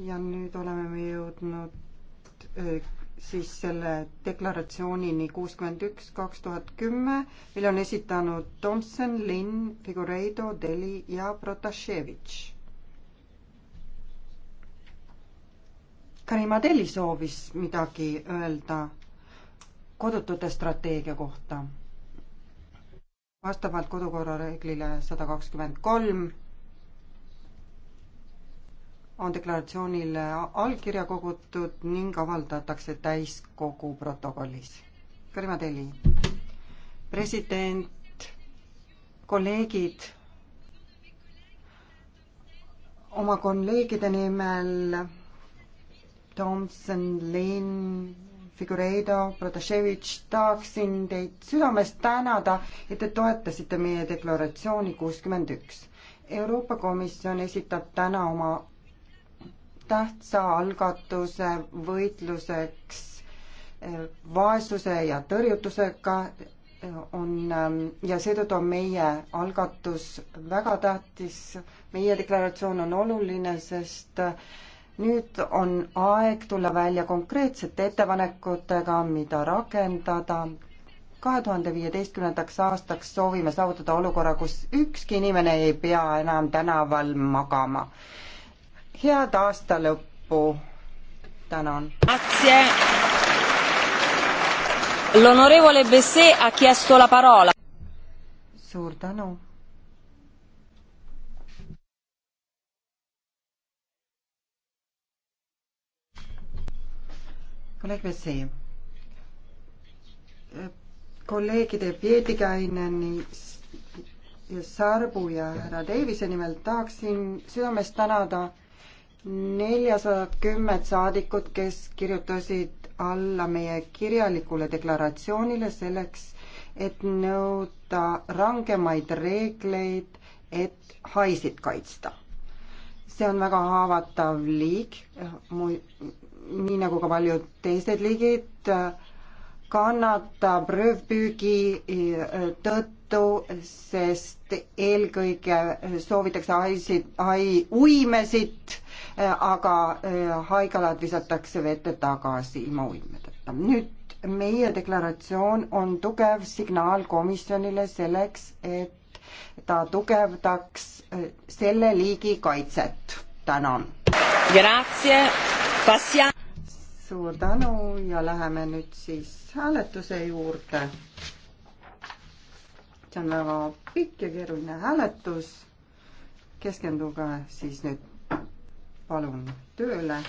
ja nüüd oleme me jõudnud äh, siis selle deklaratsioonini kuuskümmend üks, kaks tuhat kümme, mille on esitanud Tomson, Linn, Figureido, Deli ja Protasevitš. Karima Deli soovis midagi öelda kodutute strateegia kohta. vastavalt kodukorra reeglile sada kakskümmend kolm on deklaratsioonile allkirja kogutud ning avaldatakse täiskogu protokollis. Kõrva Teli, president, kolleegid, oma kolleegide nimel Tomson, Linn, Figureido, Protasevitš, tahaksin teid südamest tänada, et te toetasite meie deklaratsiooni kuuskümmend üks. Euroopa Komisjon esitab täna oma tähtsa algatuse võitluseks eh, vaesuse ja tõrjutusega eh, on ehm, ja seetõttu on meie algatus väga tähtis, meie deklaratsioon on oluline, sest eh, nüüd on aeg tulla välja konkreetsete ettepanekutega, mida rakendada. kahe tuhande viieteistkümnendaks aastaks soovime saavutada olukorra, kus ükski inimene ei pea enam tänaval magama head aasta lõppu. tänan. L'onorevole Besset ha chiesto la parola. suur tänu. kolleeg Besset. kolleegide Pietikäineni Sarbu ja härra Davise nimel tahaksin südamest tänada neljasada kümmet saadikut, kes kirjutasid alla meie kirjalikule deklaratsioonile selleks, et nõuda rangemaid reegleid, et haisid kaitsta. see on väga haavatav liik, nii nagu ka paljud teised liigid, kannatab röövpüügi eh, tõttu, sest eelkõige soovitakse haisid, hai uimesid Äh, aga äh, haigalad visatakse vette tagasi ilma uimedeta. nüüd meie deklaratsioon on tugev signaal komisjonile selleks, et ta tugevdaks äh, selle liigi kaitset. tänan. suur tänu ja läheme nüüd siis hääletuse juurde see on väga pikk ja keeruline hääletus. keskenduge siis nüüd palun tööle